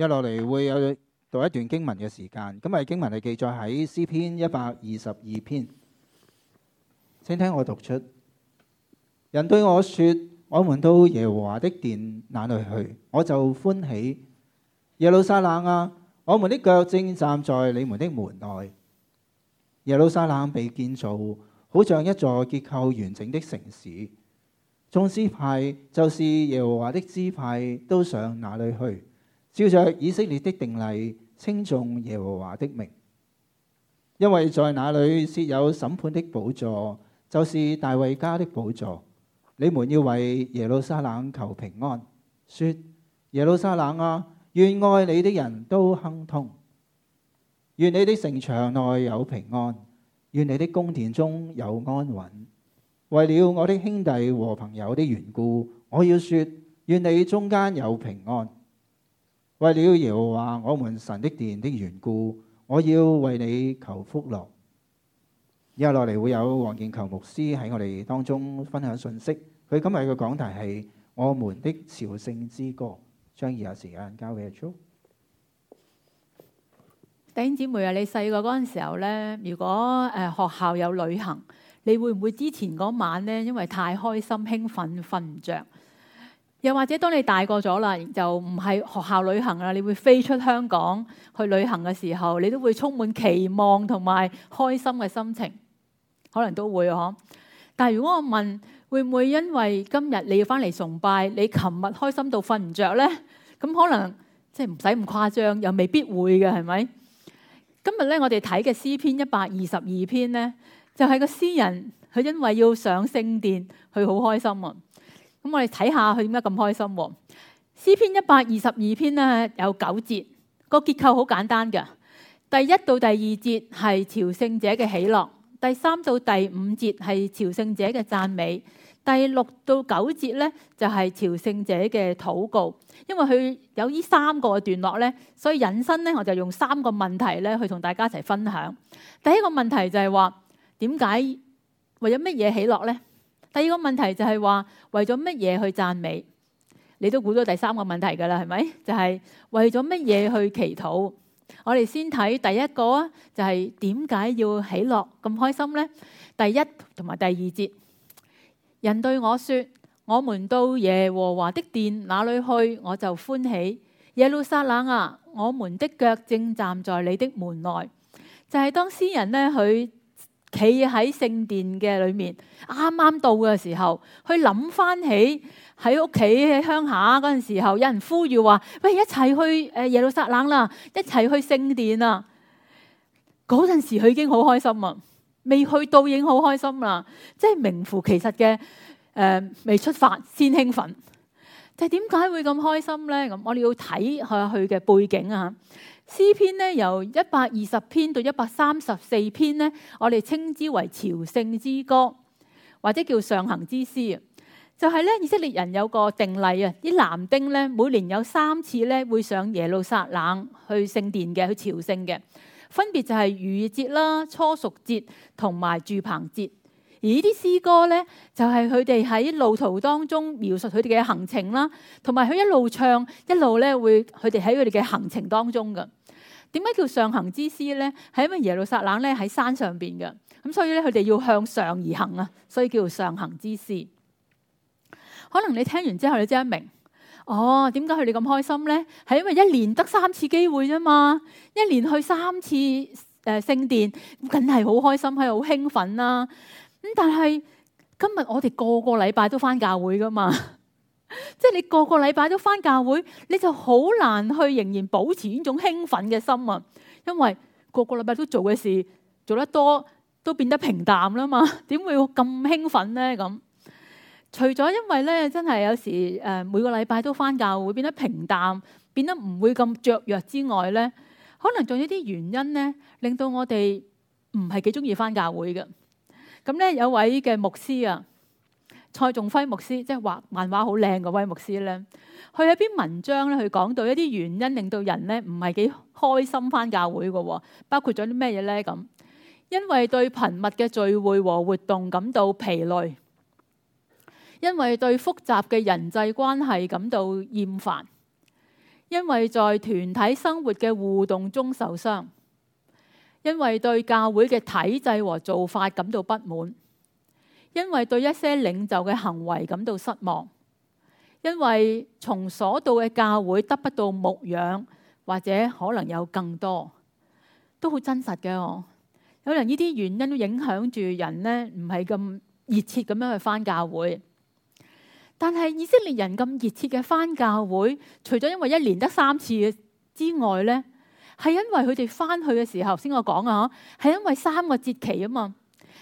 入落嚟會有讀一段經文嘅時間，今日經文係記載喺詩篇一百二十二篇。請聽我讀出：人對我説，我們到耶和華的殿哪裏去，我就歡喜。耶路撒冷啊，我們的腳正站在你們的門內。耶路撒冷被建造，好像一座結構完整的城市。眾支派就是耶和華的支派，都上哪裏去？照着以色列的定例稱頌耶和華的名，因為在那裏設有審判的寶座，就是大衛家的寶座。你們要為耶路撒冷求平安，說：耶路撒冷啊，願愛你的人都亨通，願你的城牆內有平安，願你的宮殿中有安穩。為了我的兄弟和朋友的緣故，我要說：願你中間有平安。為了話我們神的殿的緣故，我要為你求福樂。以後落嚟會有黃健逑牧師喺我哋當中分享信息。佢今日嘅講題係我們的朝聖之歌。將以下時間交俾阿朱。弟兄姊妹啊，你細個嗰陣時候咧，如果誒學校有旅行，你會唔會之前嗰晚咧，因為太開心興奮瞓唔着？又或者，當你大過咗大個咗啦，就唔係學校旅行啦，你會飛出香港去旅行嘅時候，你都會充滿期望同埋開心嘅心情，可能都會嗬。但係如果我問，會唔會因為今日你要翻嚟崇拜，你琴日開心到瞓唔着呢？咁可能即係唔使咁誇張，又未必會嘅，係咪？今日咧，我哋睇嘅詩篇一百二十二篇呢，就係個詩人佢因為要上聖殿，佢好開心啊。咁我哋睇下佢點解咁開心啊。詩篇一百二十二篇咧，有九節，個結構好簡單嘅。第一到第二節係朝聖者嘅喜樂，第三到第五節係朝聖者嘅讚美，第六到九節咧就係朝聖者嘅禱告。因為佢有呢三個段落咧，所以引申咧我就用三個問題咧去同大家一齊分享。第一個問題就係話，點解為咗乜嘢喜樂咧？第二個問題就係話，為咗乜嘢去讚美？你都估到第三個問題噶啦，係咪？就係為咗乜嘢去祈禱？我哋先睇第一個啊，就係點解要喜樂咁開心呢？第一同埋第二節，人對我說：我們到耶和華的殿那裏去，我就歡喜。耶路撒冷啊，我們的腳正站在你的門內，就係當詩人呢佢。企喺聖殿嘅裏面，啱啱到嘅時候，去諗翻起喺屋企喺鄉下嗰陣時候，有人呼籲話：，喂，一齊去誒耶路撒冷啦，一齊去聖殿啊！嗰陣時佢已經好開心啊，未去到已經好開心啦，即係名副其實嘅誒、呃，未出發先興奮。但係點解會咁開心咧？咁我哋要睇佢嘅背景啊。詩篇咧由一百二十篇到一百三十四篇咧，我哋稱之為朝聖之歌，或者叫上行之詩。就係咧，以色列人有個定例啊，啲男丁咧每年有三次咧會上耶路撒冷去聖殿嘅去朝聖嘅，分別就係逾節啦、初熟節同埋住棚節。而呢啲詩歌咧，就係佢哋喺路途當中描述佢哋嘅行程啦，同埋佢一路唱一路咧會佢哋喺佢哋嘅行程當中嘅。點解叫上行之詩咧？係因為耶路撒冷咧喺山上邊嘅，咁所以咧佢哋要向上而行啊，所以叫上行之詩。可能你聽完之後你即係明，哦，點解佢哋咁開心咧？係因為一年得三次機會啫嘛，一年去三次誒、呃、聖殿，咁梗係好開心，係好興奮啦、啊。咁但係今日我哋個個禮拜都翻教會噶嘛。即係你個個禮拜都翻教會，你就好難去仍然保持呢種興奮嘅心啊！因為個個禮拜都做嘅事做得多，都變得平淡啦嘛，點會咁興奮呢？咁除咗因為咧，真係有時誒、呃，每個禮拜都翻教會變得平淡，變得唔會咁雀躍之外咧，可能仲有啲原因咧，令到我哋唔係幾中意翻教會嘅。咁咧有位嘅牧師啊。蔡仲輝牧師，即係畫漫畫好靚嘅威牧師咧，佢喺篇文章咧，佢講到一啲原因令到人咧，唔係幾開心返教會嘅喎，包括咗啲咩嘢咧？咁，因為對頻密嘅聚會和活動感到疲累，因為對複雜嘅人際關係感到厭煩，因為在團體生活嘅互動中受傷，因為對教會嘅體制和做法感到不滿。因為對一些領袖嘅行為感到失望，因為從所到嘅教會得不到牧養，或者可能有更多，都好真實嘅。可能呢啲原因都影響住人呢，唔係咁熱切咁樣去翻教會。但係以色列人咁熱切嘅翻教會，除咗因為一年得三次之外呢，係因為佢哋翻去嘅時候，先我講啊，係因為三個節期啊嘛。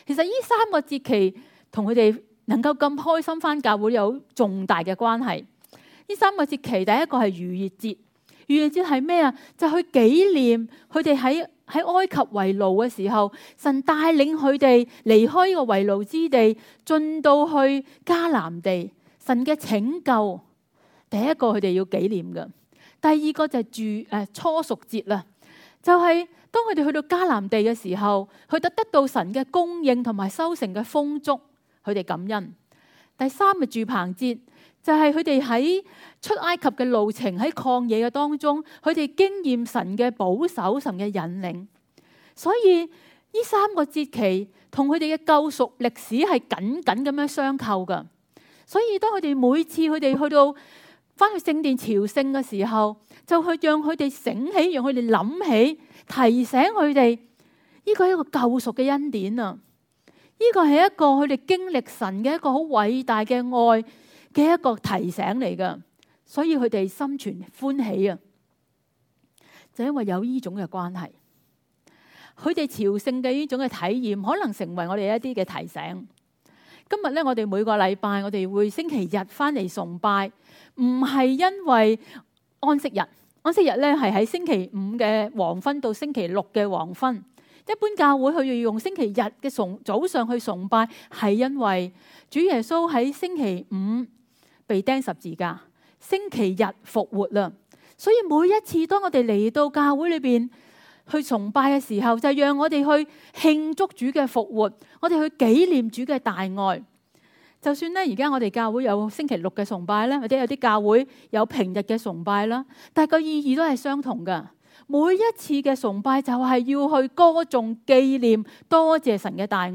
其實呢三個節期。同佢哋能夠咁開心返教會有重大嘅關係。呢三個節期，第一個係逾越節。逾越節係咩啊？就是、去紀念佢哋喺喺埃及為奴嘅時候，神帶領佢哋離開呢個為奴之地，進到去迦南地。神嘅拯救，第一個佢哋要紀念嘅。第二個就係住誒、啊、初熟節啦，就係、是、當佢哋去到迦南地嘅時候，佢得得到神嘅供應同埋收成嘅豐足。佢哋感恩，第三個住棚節就係佢哋喺出埃及嘅路程，喺曠野嘅當中，佢哋經驗神嘅保守，神嘅引領。所以呢三個節期同佢哋嘅救贖歷史係緊緊咁樣相扣噶。所以當佢哋每次佢哋去到翻去聖殿朝聖嘅時候，就去讓佢哋醒起，讓佢哋諗起，提醒佢哋呢個係一個救贖嘅恩典啊！呢個係一個佢哋經歷神嘅一個好偉大嘅愛嘅一個提醒嚟㗎，所以佢哋心存歡喜啊！就因為有呢種嘅關係，佢哋朝聖嘅呢種嘅體驗，可能成為我哋一啲嘅提醒。今日咧，我哋每個禮拜我哋會星期日返嚟崇拜，唔係因為安息日，安息日咧係喺星期五嘅黃昏到星期六嘅黃昏。一般教會佢要用星期日嘅崇早上去崇拜，係因為主耶穌喺星期五被釘十字架，星期日復活啦。所以每一次當我哋嚟到教會裏邊去崇拜嘅時候，就是，讓我哋去慶祝主嘅復活，我哋去紀念主嘅大愛。就算呢而家我哋教會有星期六嘅崇拜咧，或者有啲教會有平日嘅崇拜啦，但係個意義都係相同㗎。每一次嘅崇拜就係要去歌頌紀念，多謝神嘅大愛，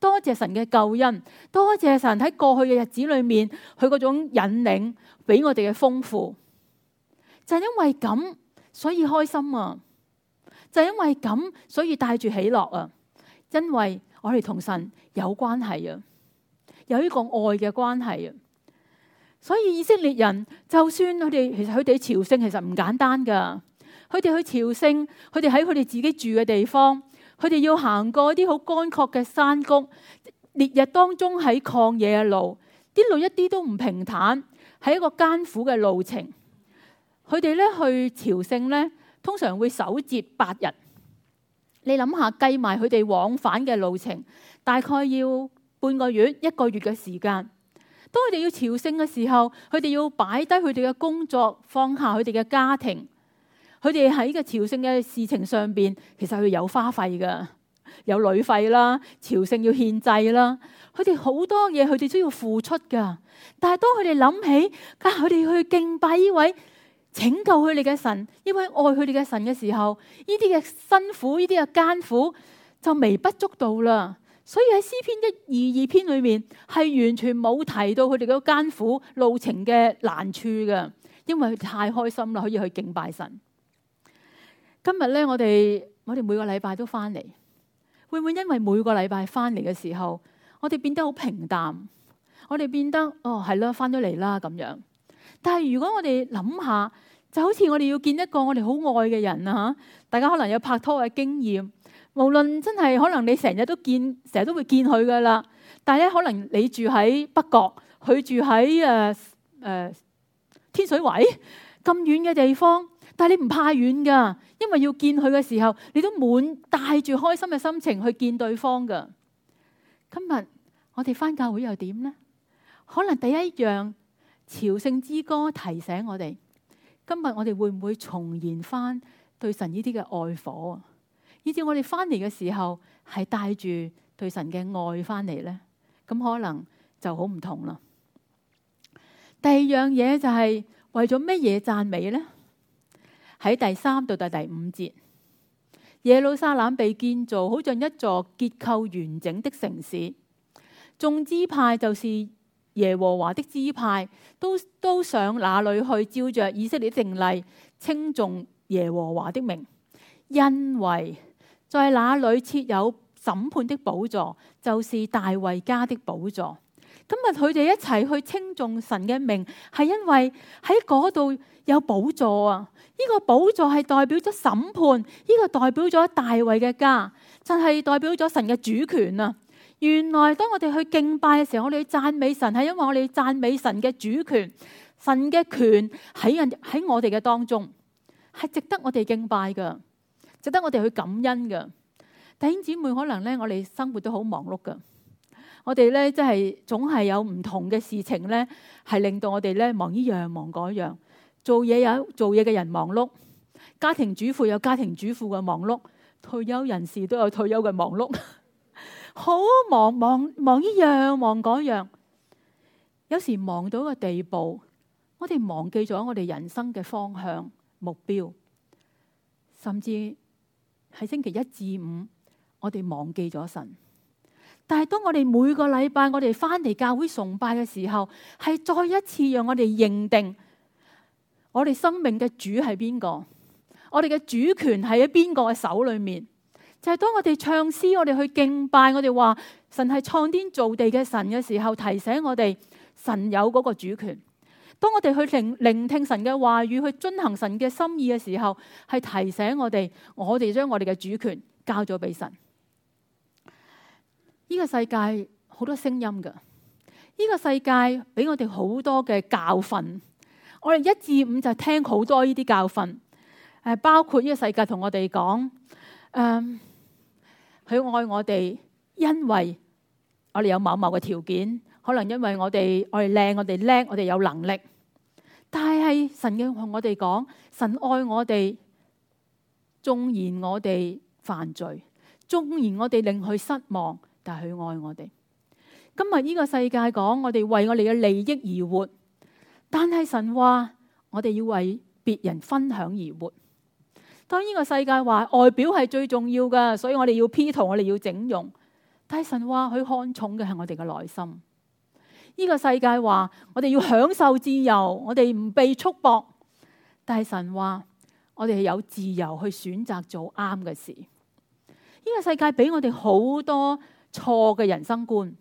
多謝神嘅救恩，多謝神喺過去嘅日子裏面佢嗰種引領，俾我哋嘅豐富。就係因為咁，所以開心啊！就係因為咁，所以帶住喜樂啊！因為我哋同神有關係啊，有一個愛嘅關係啊，所以以色列人就算佢哋其實佢哋朝聖其實唔簡單噶。佢哋去朝聖，佢哋喺佢哋自己住嘅地方，佢哋要行過一啲好乾涸嘅山谷，烈日當中喺曠野嘅路，啲路一啲都唔平坦，係一個艱苦嘅路程。佢哋咧去朝聖咧，通常會守節八日。你諗下，計埋佢哋往返嘅路程，大概要半個月、一個月嘅時間。當佢哋要朝聖嘅時候，佢哋要擺低佢哋嘅工作，放下佢哋嘅家庭。佢哋喺個朝聖嘅事情上邊，其實佢有花費㗎，有旅費啦，朝聖要獻祭啦，佢哋好多嘢，佢哋都要付出噶。但係當佢哋諗起啊，佢哋去敬拜呢位拯救佢哋嘅神，呢位愛佢哋嘅神嘅時候，呢啲嘅辛苦，呢啲嘅艱苦就微不足道啦。所以喺詩篇一二二篇裏面係完全冇提到佢哋嘅艱苦路程嘅難處㗎，因為佢太開心啦，可以去敬拜神。今日咧，我哋我哋每個禮拜都翻嚟，會唔會因為每個禮拜翻嚟嘅時候，我哋變得好平淡，我哋變得哦係咯，翻咗嚟啦咁樣。但係如果我哋諗下，就好似我哋要見一個我哋好愛嘅人啊嚇，大家可能有拍拖嘅經驗，無論真係可能你成日都見，成日都會見佢噶啦。但係咧，可能你住喺北角，佢住喺誒誒天水圍咁遠嘅地方。但係你唔怕遠噶，因為要見佢嘅時候，你都滿帶住開心嘅心情去見對方噶。今日我哋翻教會又點呢？可能第一樣朝聖之歌提醒我哋，今日我哋會唔會重燃翻對神呢啲嘅愛火，以至我哋翻嚟嘅時候係帶住對神嘅愛翻嚟呢？咁可能就好唔同啦。第二樣嘢就係，為咗乜嘢讚美呢？喺第三到到第五節，耶路撒冷被建造，好像一座結構完整的城市。眾支派就是耶和華的支派，都都上那裏去照着，以色列的定例，稱頌耶和華的名。因為在那裏設有審判的寶座，就是大衛家的寶座。今日佢哋一齊去稱頌神嘅名，係因為喺嗰度。有寶座啊！呢個寶座係代表咗審判，呢個代表咗大衛嘅家，就係代表咗神嘅主權啊！原來當我哋去敬拜嘅時候，我哋讚美神係因為我哋讚美神嘅主權，神嘅權喺人喺我哋嘅當中，係值得我哋敬拜噶，值得我哋去感恩噶。弟兄姊妹，可能咧我哋生活都好忙碌噶，我哋咧即係總係有唔同嘅事情咧，係令到我哋咧忙呢樣忙嗰樣。做嘢有做嘢嘅人忙碌，家庭主婦有家庭主婦嘅忙碌，退休人士都有退休嘅忙碌，好忙忙忙依樣忙嗰樣，有時忙到個地步，我哋忘記咗我哋人生嘅方向目標，甚至喺星期一至五，我哋忘記咗神。但係當我哋每個禮拜我哋返嚟教會崇拜嘅時候，係再一次讓我哋認定。我哋生命嘅主係邊個？我哋嘅主權係喺邊個嘅手裏面？就係、是、當我哋唱詩，我哋去敬拜，我哋話神係創天造地嘅神嘅時候，提醒我哋神有嗰個主權。當我哋去聆聆聽神嘅話語，去遵行神嘅心意嘅時候，係提醒我哋，我哋將我哋嘅主權交咗俾神。呢、這個世界好多聲音噶，呢、這個世界俾我哋好多嘅教訓。我哋一至五就聽好多呢啲教訓，係包括呢個世界同我哋講，嗯，佢愛我哋，因為我哋有某某嘅條件，可能因為我哋我哋靚，我哋叻，我哋有能力。但係係神嘅同我哋講，神愛我哋，縱然我哋犯罪，縱然我哋令佢失望，但係佢愛我哋。今日呢個世界講我哋為我哋嘅利益而活。但係神話，我哋要為別人分享而活。當呢個世界話外表係最重要㗎，所以我哋要 P 圖，我哋要整容。但係神話佢看重嘅係我哋嘅內心。呢個世界話我哋要享受自由，我哋唔被束縛。但係神話我哋係有自由去選擇做啱嘅事。呢個世界俾我哋好多錯嘅人生觀。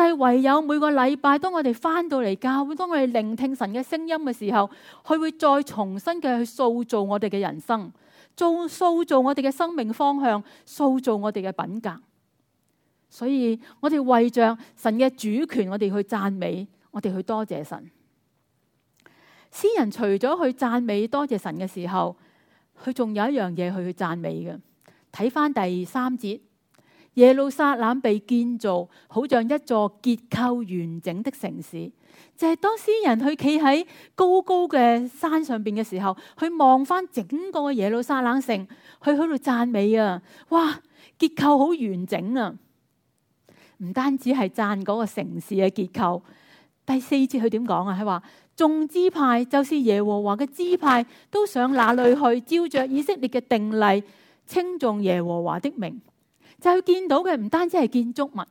係唯有每個禮拜，當我哋翻到嚟教會，當我哋聆聽神嘅聲音嘅時候，佢會再重新嘅去塑造我哋嘅人生，做塑造我哋嘅生命方向，塑造我哋嘅品格。所以我哋為着神嘅主權，我哋去讚美，我哋去多謝神。詩人除咗去讚美多謝神嘅時候，佢仲有一樣嘢去去讚美嘅。睇翻第三節。耶路撒冷被建造，好像一座結構完整的城市。就係、是、當詩人去企喺高高嘅山上邊嘅時候，去望翻整個嘅耶路撒冷城，去喺度讚美啊！哇，結構好完整啊！唔單止係讚嗰個城市嘅結構。第四節佢點講啊？佢話眾支派就是耶和華嘅支派，都上那裏去，照着以色列嘅定例，稱頌耶和華的名。就去、係、見到嘅唔單止係建築物，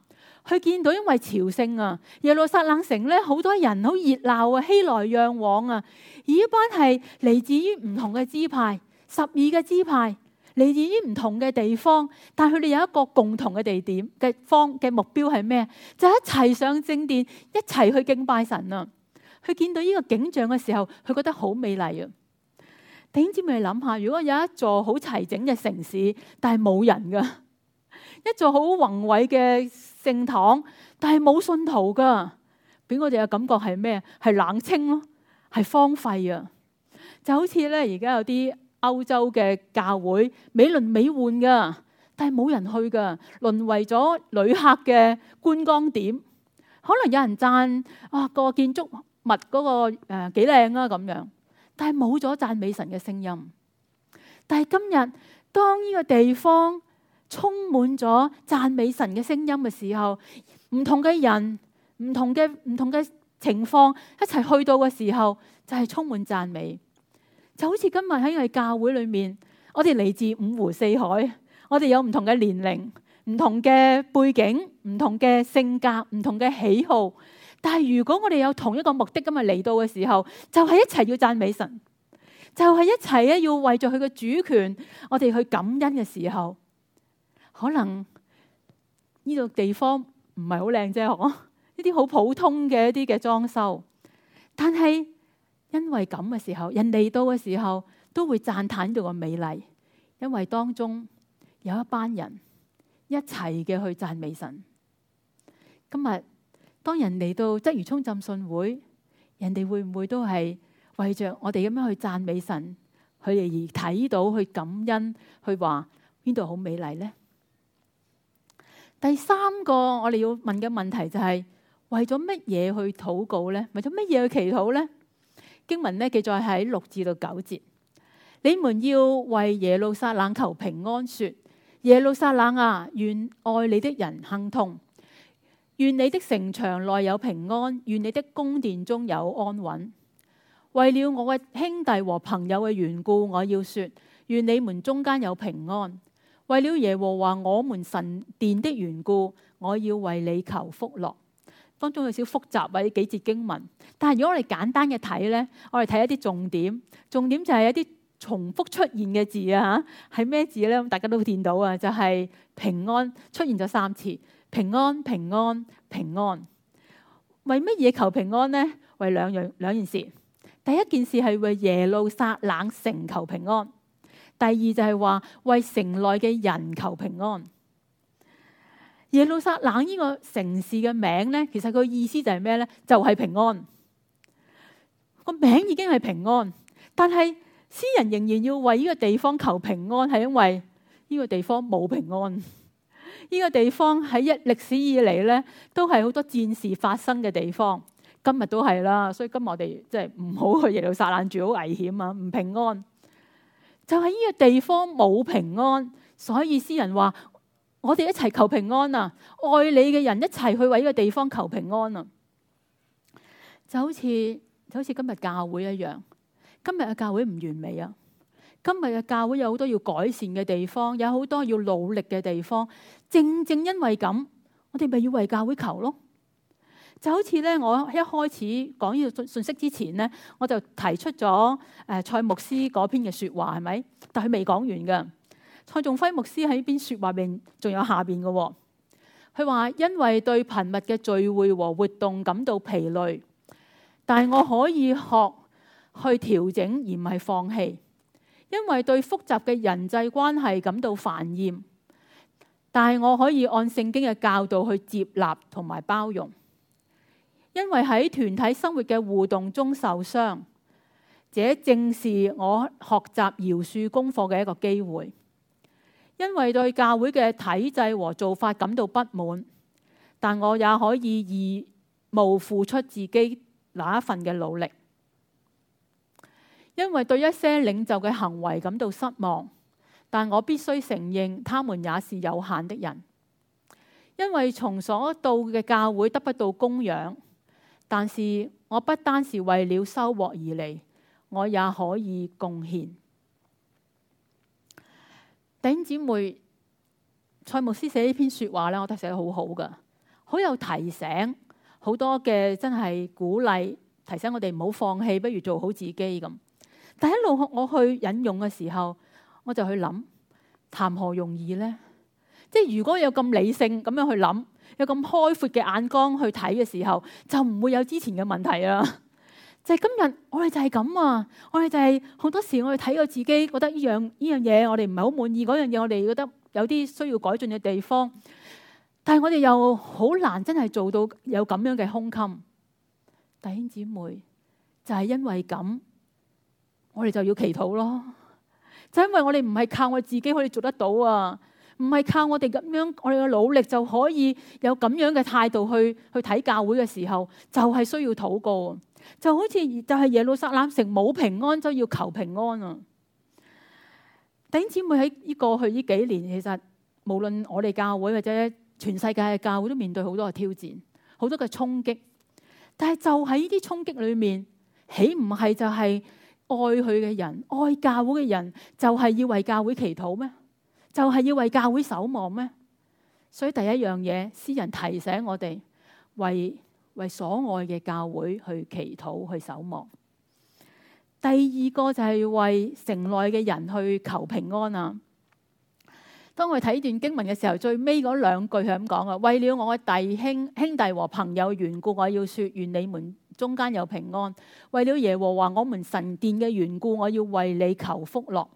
佢見到因為朝聖啊，耶路撒冷城咧好多人好熱鬧啊，熙來攘往啊。而一班係嚟自於唔同嘅支派，十二個支派嚟自於唔同嘅地方，但係佢哋有一個共同嘅地點嘅方嘅目標係咩？就係、一齊上正殿，一齊去敬拜神啊。佢見到呢個景象嘅時候，佢覺得好美麗啊。頂尖，去諗下，如果有一座好齊整嘅城市，但係冇人噶。一座好宏偉嘅聖堂，但係冇信徒噶，俾我哋嘅感覺係咩？係冷清咯，係荒廢啊！就好似咧，而家有啲歐洲嘅教會美輪美奐噶，但係冇人去噶，淪為咗旅客嘅觀光點。可能有人讚哇個建築物嗰個誒幾靚啊咁樣，但係冇咗讚美神嘅聲音。但係今日當呢個地方，充滿咗讚美神嘅聲音嘅時候，唔同嘅人，唔同嘅唔同嘅情況一齊去到嘅時候，就係充滿讚美。就好似今日喺我哋教會裏面，我哋嚟自五湖四海，我哋有唔同嘅年齡、唔同嘅背景、唔同嘅性格、唔同嘅喜好。但係如果我哋有同一個目的今日嚟到嘅時候，就係一齊要讚美神，就係一齊咧要為咗佢嘅主權，我哋去感恩嘅時候。可能呢度，這個，地方唔係好靚啫，嗬？一啲好普通嘅一啲嘅裝修，但係因為咁嘅時候，人嚟到嘅時候都會讚嘆呢度嘅美麗，因為當中有一班人一齊嘅去讚美神。今日當人嚟到鰂魚涌浸信會，人哋會唔會都係為着我哋咁樣去讚美神，佢哋而睇到去感恩去話邊度好美麗咧？第三個我哋要問嘅問題就係為咗乜嘢去禱告呢？為咗乜嘢去祈禱呢？經文呢記載喺六至到九節，你們要為耶路撒冷求平安說，說耶路撒冷啊，願愛你的人亨通，願你的城牆內有平安，願你的宮殿中有安穩。為了我嘅兄弟和朋友嘅緣故，我要說，願你們中間有平安。為了耶和華我們神殿的緣故，我要為你求福樂。當中有少複雜或者幾節經文，但係如果我哋簡單嘅睇咧，我哋睇一啲重點。重點就係一啲重複出現嘅字啊，吓係咩字咧？大家都見到啊，就係平安出現咗三次，平安、平安、平安。為乜嘢求平安咧？為兩樣，兩件事。第一件事係為耶路撒冷城求平安。第二就係話，為城內嘅人求平安。耶路撒冷呢個城市嘅名呢，其實個意思就係咩呢？就係平安。個名已經係平安，但係詩人仍然要為呢個地方求平安，係因為呢個地方冇平安。呢個地方喺一歷史以嚟呢，都係好多戰事發生嘅地方，今日都係啦。所以今日我哋即係唔好去耶路撒冷住，好危險啊，唔平安。就係呢個地方冇平安，所以詩人話：我哋一齊求平安啊！愛你嘅人一齊去為呢個地方求平安啊！就好似就好似今日教會一樣，今日嘅教會唔完美啊！今日嘅教會有好多要改善嘅地方，有好多要努力嘅地方。正正因為咁，我哋咪要為教會求咯。就好似咧，我一開始講呢個訊息之前咧，我就提出咗誒蔡牧師嗰篇嘅説話，係咪？但佢未講完㗎。蔡仲輝牧師喺呢篇説話面仲有下面嘅喎。佢話：因為對頻密嘅聚會和活動感到疲累，但係我可以學去調整，而唔係放棄；因為對複雜嘅人際關係感到煩厭，但係我可以按聖經嘅教導去接納同埋包容。因為喺團體生活嘅互動中受傷，這正是我學習饒恕功課嘅一個機會。因為對教會嘅體制和做法感到不滿，但我也可以義務付出自己那一份嘅努力。因為對一些領袖嘅行為感到失望，但我必須承認，他們也是有限的人。因為從所到嘅教會得不到供養。但是我不單是為了收穫而嚟，我也可以貢獻。弟兄姐妹，蔡牧師寫呢篇說話咧，我都寫得好好噶，好有提醒，好多嘅真係鼓勵，提醒我哋唔好放棄，不如做好自己咁。但一路我去引用嘅時候，我就去諗，「談何容易呢？」即係如果有咁理性咁樣去諗。有咁開闊嘅眼光去睇嘅時候，就唔會有之前嘅問題啦。 就係今日，我哋就係咁啊！我哋就係好多時，我哋睇到自己覺得呢樣呢樣嘢，我哋唔係好滿意；嗰樣嘢，我哋覺得有啲需要改進嘅地方。但係我哋又好難真係做到有咁樣嘅胸襟。弟兄姊妹，就係因為咁，我哋就要祈禱咯。就因為我哋唔係靠我自己可以做得到啊！唔係靠我哋咁樣，我哋嘅努力就可以有咁樣嘅態度去去睇教會嘅時候，就係需要禱告。就好似就係耶路撒冷城冇平安，就要求平安啊！頂姊妹喺呢過去呢幾年，其實無論我哋教會或者全世界嘅教會都面對好多嘅挑戰，好多嘅衝擊。但係就喺呢啲衝擊裏面，豈唔係就係愛佢嘅人、愛教會嘅人，就係要為教會祈禱咩？就係、是、要為教會守望咩？所以第一樣嘢，詩人提醒我哋為為所愛嘅教會去祈禱、去守望。第二個就係為城內嘅人去求平安啊！當我睇段經文嘅時候，最尾嗰兩句係咁講啊，為了我嘅弟兄兄弟和朋友緣故，我要說願你們中間有平安。為了耶和華我們神殿嘅緣故，我要為你求福樂。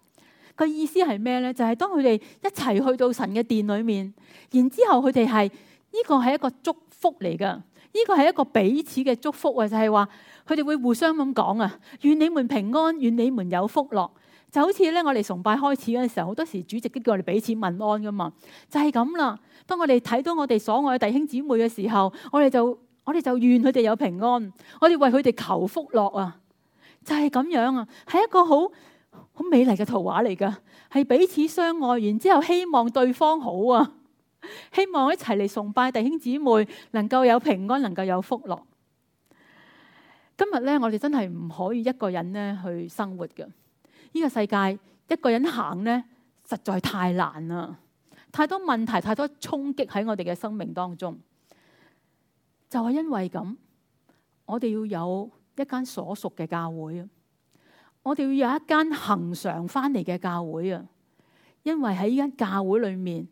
個意思係咩咧？就係、是、當佢哋一齊去到神嘅殿裏面，然之後佢哋係呢個係一個祝福嚟噶，呢、這個係一個彼此嘅祝福啊！就係話佢哋會互相咁講啊，願你們平安，願你們有福樂。就好似咧，我哋崇拜開始嗰陣時候，好多時候主席都叫我哋彼此問安噶嘛，就係咁啦。當我哋睇到我哋所愛嘅弟兄姊妹嘅時候，我哋就我哋就願佢哋有平安，我哋為佢哋求福樂啊！就係、是、咁樣啊，係一個好。好美麗嘅圖畫嚟噶，係彼此相愛，然之後希望對方好啊，希望一齊嚟崇拜弟兄姊妹，能夠有平安，能夠有福樂。今日咧，我哋真係唔可以一個人咧去生活嘅。呢個世界一個人行咧實在太難啦，太多問題，太多衝擊喺我哋嘅生命當中。就係因為咁，我哋要有一間所屬嘅教會。我哋要有一間恒常翻嚟嘅教會啊！因為喺呢間教會裏面，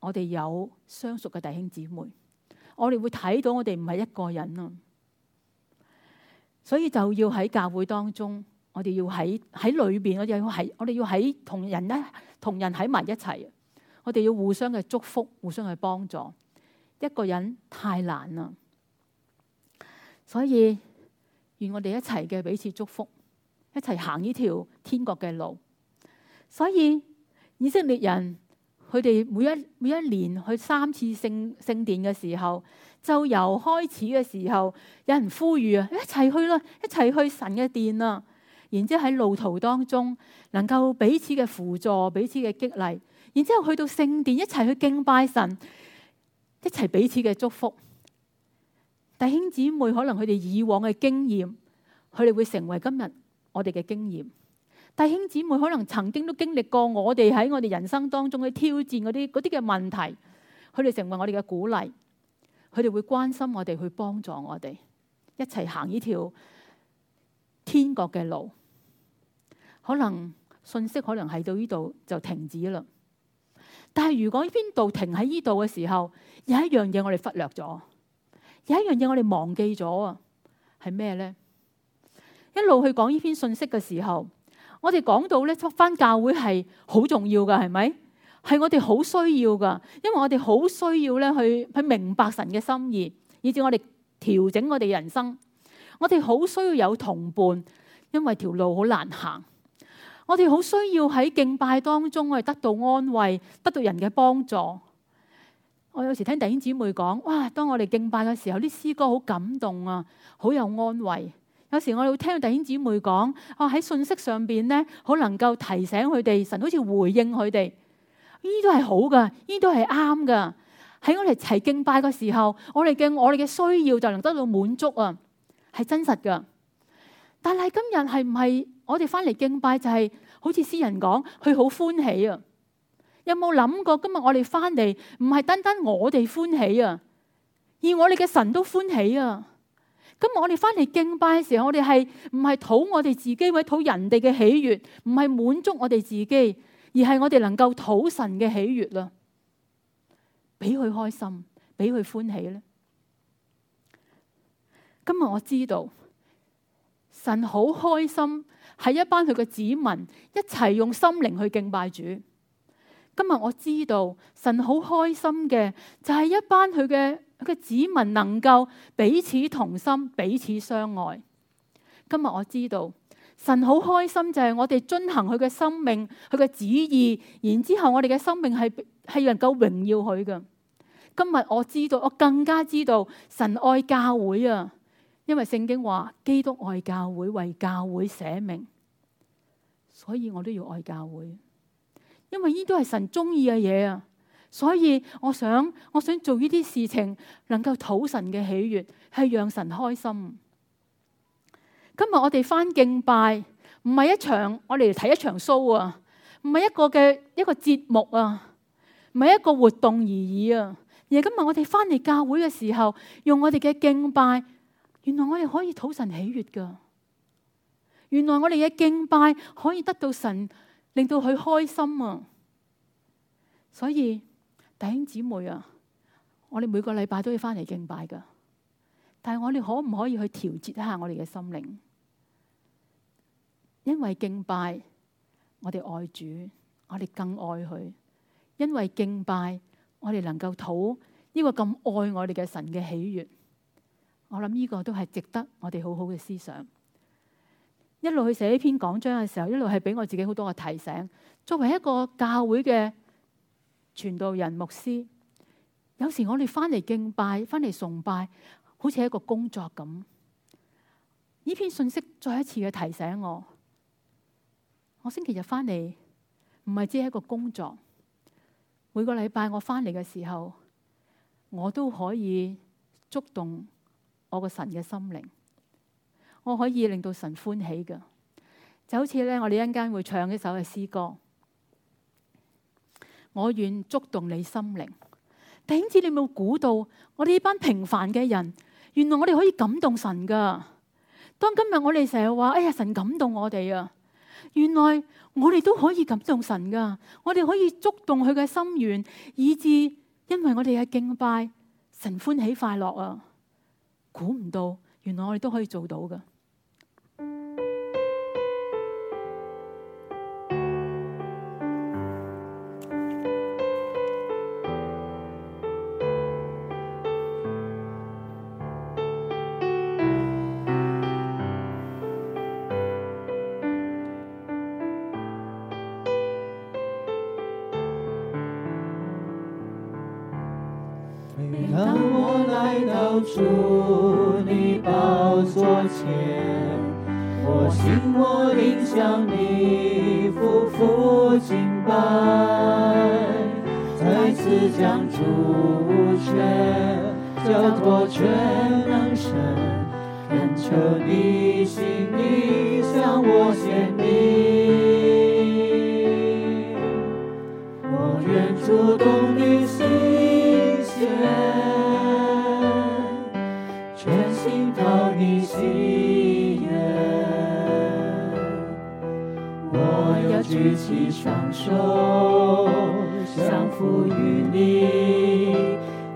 我哋有相熟嘅弟兄姊妹，我哋會睇到我哋唔係一個人啊！所以就要喺教會當中，我哋要喺喺裏邊，我哋要喺我哋要喺同人一同人喺埋一齊。我哋要互相嘅祝福，互相嘅幫助。一個人太難啦。所以，願我哋一齊嘅彼此祝福。一齊行呢條天國嘅路，所以以色列人佢哋每一每一年去三次聖聖殿嘅時候，就由開始嘅時候有人呼籲啊，一齊去啦，一齊去神嘅殿啦。然之後喺路途當中能夠彼此嘅輔助，彼此嘅激勵，然之後去到聖殿一齊去敬拜神，一齊彼此嘅祝福。弟兄姊妹，可能佢哋以往嘅經驗，佢哋會成為今日我哋嘅經驗，弟兄姊妹可能曾經都經歷過我哋喺我哋人生當中嘅挑戰，嗰啲嗰啲嘅問題，佢哋成為我哋嘅鼓勵，佢哋會關心我哋，去幫助我哋一齊行呢條天國嘅路。可能信息可能係到呢度就停止啦。但係如果邊度停喺呢度嘅時候，有一樣嘢我哋忽略咗，有一樣嘢我哋忘記咗啊，係咩呢？一路去講呢篇信息嘅時候，我哋講到咧，返教會係好重要噶，係咪？係我哋好需要噶，因為我哋好需要咧去去明白神嘅心意，以至我哋調整我哋人生。我哋好需要有同伴，因為條路好難行。我哋好需要喺敬拜當中，我哋得到安慰，得到人嘅幫助。我有時聽弟兄姊妹講，哇！當我哋敬拜嘅時候，啲詩歌好感動啊，好有安慰。有時我哋會聽到弟兄姊妹講，我喺信息上邊咧，好能夠提醒佢哋，神好似回應佢哋，呢都係好噶，呢都係啱噶。喺我哋齊敬拜嘅時候，我哋嘅我哋嘅需要就能得到滿足啊，係真實噶。但係今日係唔係我哋翻嚟敬拜就係好似詩人講，佢好歡喜啊？有冇諗過今日我哋翻嚟唔係單單我哋歡喜啊，而我哋嘅神都歡喜啊？咁我哋翻嚟敬拜嘅時候，我哋係唔係討我哋自己，或者討人哋嘅喜悅，唔係滿足我哋自己，而係我哋能夠討神嘅喜悅啦，俾佢開心，俾佢歡喜咧。今日我知道神好開心，係一班佢嘅子民一齊用心靈去敬拜主。今日我知道神好開心嘅，就係一班佢嘅。佢嘅子民能夠彼此同心、彼此相愛。今日我知道神好開心，就係我哋遵行佢嘅生命、佢嘅旨意，然之後我哋嘅生命係係能夠榮耀佢嘅。今日我知道，我更加知道神愛教會啊！因為聖經話基督愛教會，為教會捨命，所以我都要愛教會，因為呢都係神中意嘅嘢啊！所以我想，我想做呢啲事情，能夠討神嘅喜悦，係讓神開心。今日我哋返敬拜，唔係一場我哋嚟睇一場 show 啊，唔係一個嘅一個節目啊，唔係一個活動而已啊。而係今日我哋返嚟教會嘅時候，用我哋嘅敬拜，原來我哋可以討神喜悦㗎。原來我哋嘅敬拜可以得到神，令到佢開心啊。所以。弟兄姊妹啊，我哋每個禮拜都要翻嚟敬拜噶。但係我哋可唔可以去調節一下我哋嘅心靈？因為敬拜，我哋愛主，我哋更愛佢。因為敬拜，我哋能夠討呢個咁愛我哋嘅神嘅喜悅。我諗呢個都係值得我哋好好嘅思想。一路去寫呢篇講章嘅時候，一路係俾我自己好多嘅提醒。作為一個教會嘅，傳道人牧師，有時我哋翻嚟敬拜，翻嚟崇拜，好似一個工作咁。呢篇信息再一次嘅提醒我，我星期日翻嚟唔係只係一個工作。每個禮拜我翻嚟嘅時候，我都可以觸動我個神嘅心靈，我可以令到神歡喜嘅。就好似咧，我哋一陣間會唱一首嘅詩歌。我願觸動你心靈，何止你冇估到，我哋呢班平凡嘅人，原來我哋可以感動神噶。當今日我哋成日話，哎呀，神感動我哋啊，原來我哋都可以感動神噶。我哋可以觸動佢嘅心願，以致因為我哋嘅敬拜，神歡喜快樂啊。估唔到，原來我哋都可以做到噶。我心我靈向你匍匐敬拜，再次將主權交託全能神，懇求你心意向我顯明，我願觸動你心弦，全心討你心的雙手，相扶於你，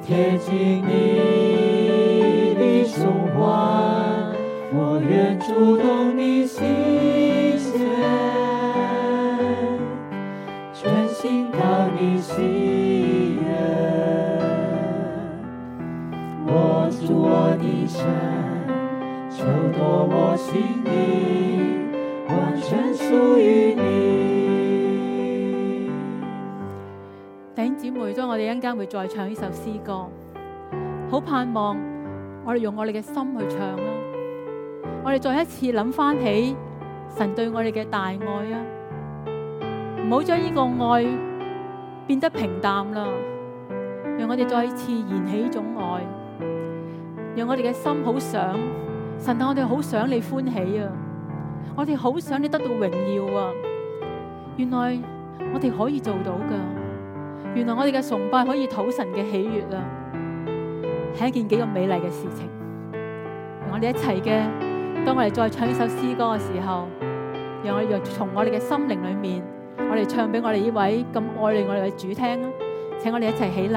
貼近你的胸懷，我願觸動你心弦，全心討你喜悅。握住我的手，求奪我心靈，完全屬於你。姊妹，將我哋一陣間會再唱呢首詩歌，好盼望我哋用我哋嘅心去唱啦。我哋再一次諗翻起神對我哋嘅大愛啊，唔好將呢個愛變得平淡啦。讓我哋再一次燃起呢種愛，讓我哋嘅心好想神，我哋好想你歡喜啊！我哋好想你得到榮耀啊！原來我哋可以做到㗎。原來我哋嘅崇拜可以討神嘅喜悅啊，係一件幾咁美麗嘅事情。我哋一齊嘅，當我哋再唱呢首詩歌嘅時候，讓我哋從我哋嘅心靈裏面，我哋唱俾我哋呢位咁愛錫我哋嘅主聽啊！請我哋一齊起，起立。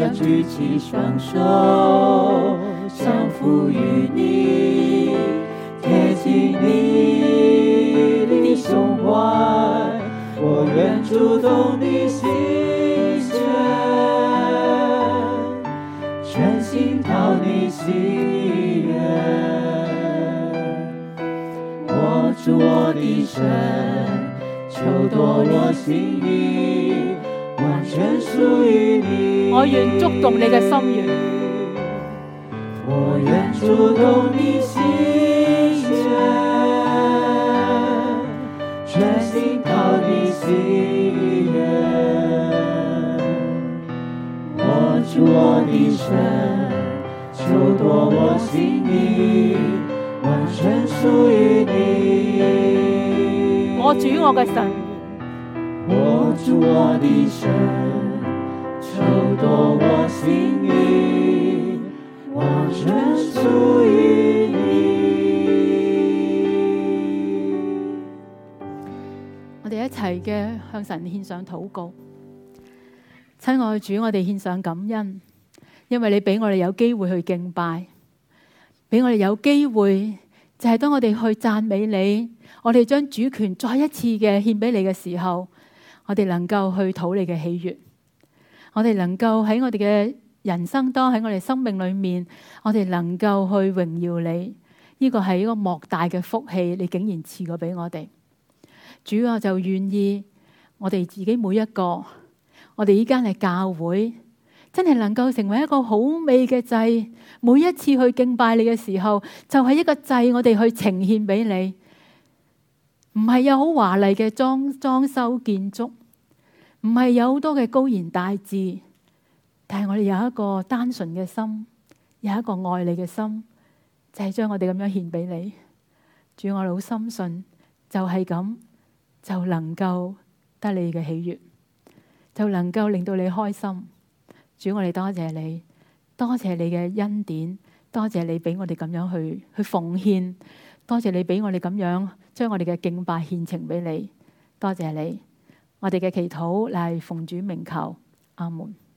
想舉起雙手，相附與你，貼近你，你的胸懷。我願觸動你心弦，全心投入你心願。握住我的神，求奪我心靈，完全屬於你。我願觸動你嘅心願，我願觸動你心願，全心靠你喜悅。我主我的神，求奪我性命，完全屬於你。我主我的神，我主我我哋一齊嘅向神獻上禱告。親愛主，我哋獻上感恩，因為你俾我哋有機會去敬拜，俾我哋有機會，就係當我哋去讚美你，我哋將主權再一次嘅獻俾你嘅時候，我哋能夠去討你嘅喜悅。我哋能夠喺我哋嘅人生當中，喺我哋生命裏面，我哋能夠去榮耀你，呢個係一個莫大嘅福氣，你竟然賜過畀我哋。主要就願意我哋自己每一個，我哋依間係教會，真係能夠成為一個好美嘅祭。每一次去敬拜你嘅時候，就係一個祭，我哋去呈獻俾你，唔係有好華麗嘅裝裝修建築。唔係有好多嘅高言大智，但係我哋有一個單純嘅心，有一個愛你嘅心，就係、是、將我哋咁樣獻俾你。主我哋好深信，就係咁就能夠得你嘅喜悅，就能夠令到你開心。主我哋多謝、謝你，多謝你嘅恩典，多謝你俾我哋咁樣去奉獻，多謝你俾我哋咁樣將我哋嘅敬拜獻呈俾你，多謝你。我哋嘅祈禱，嚟奉主名求，阿門。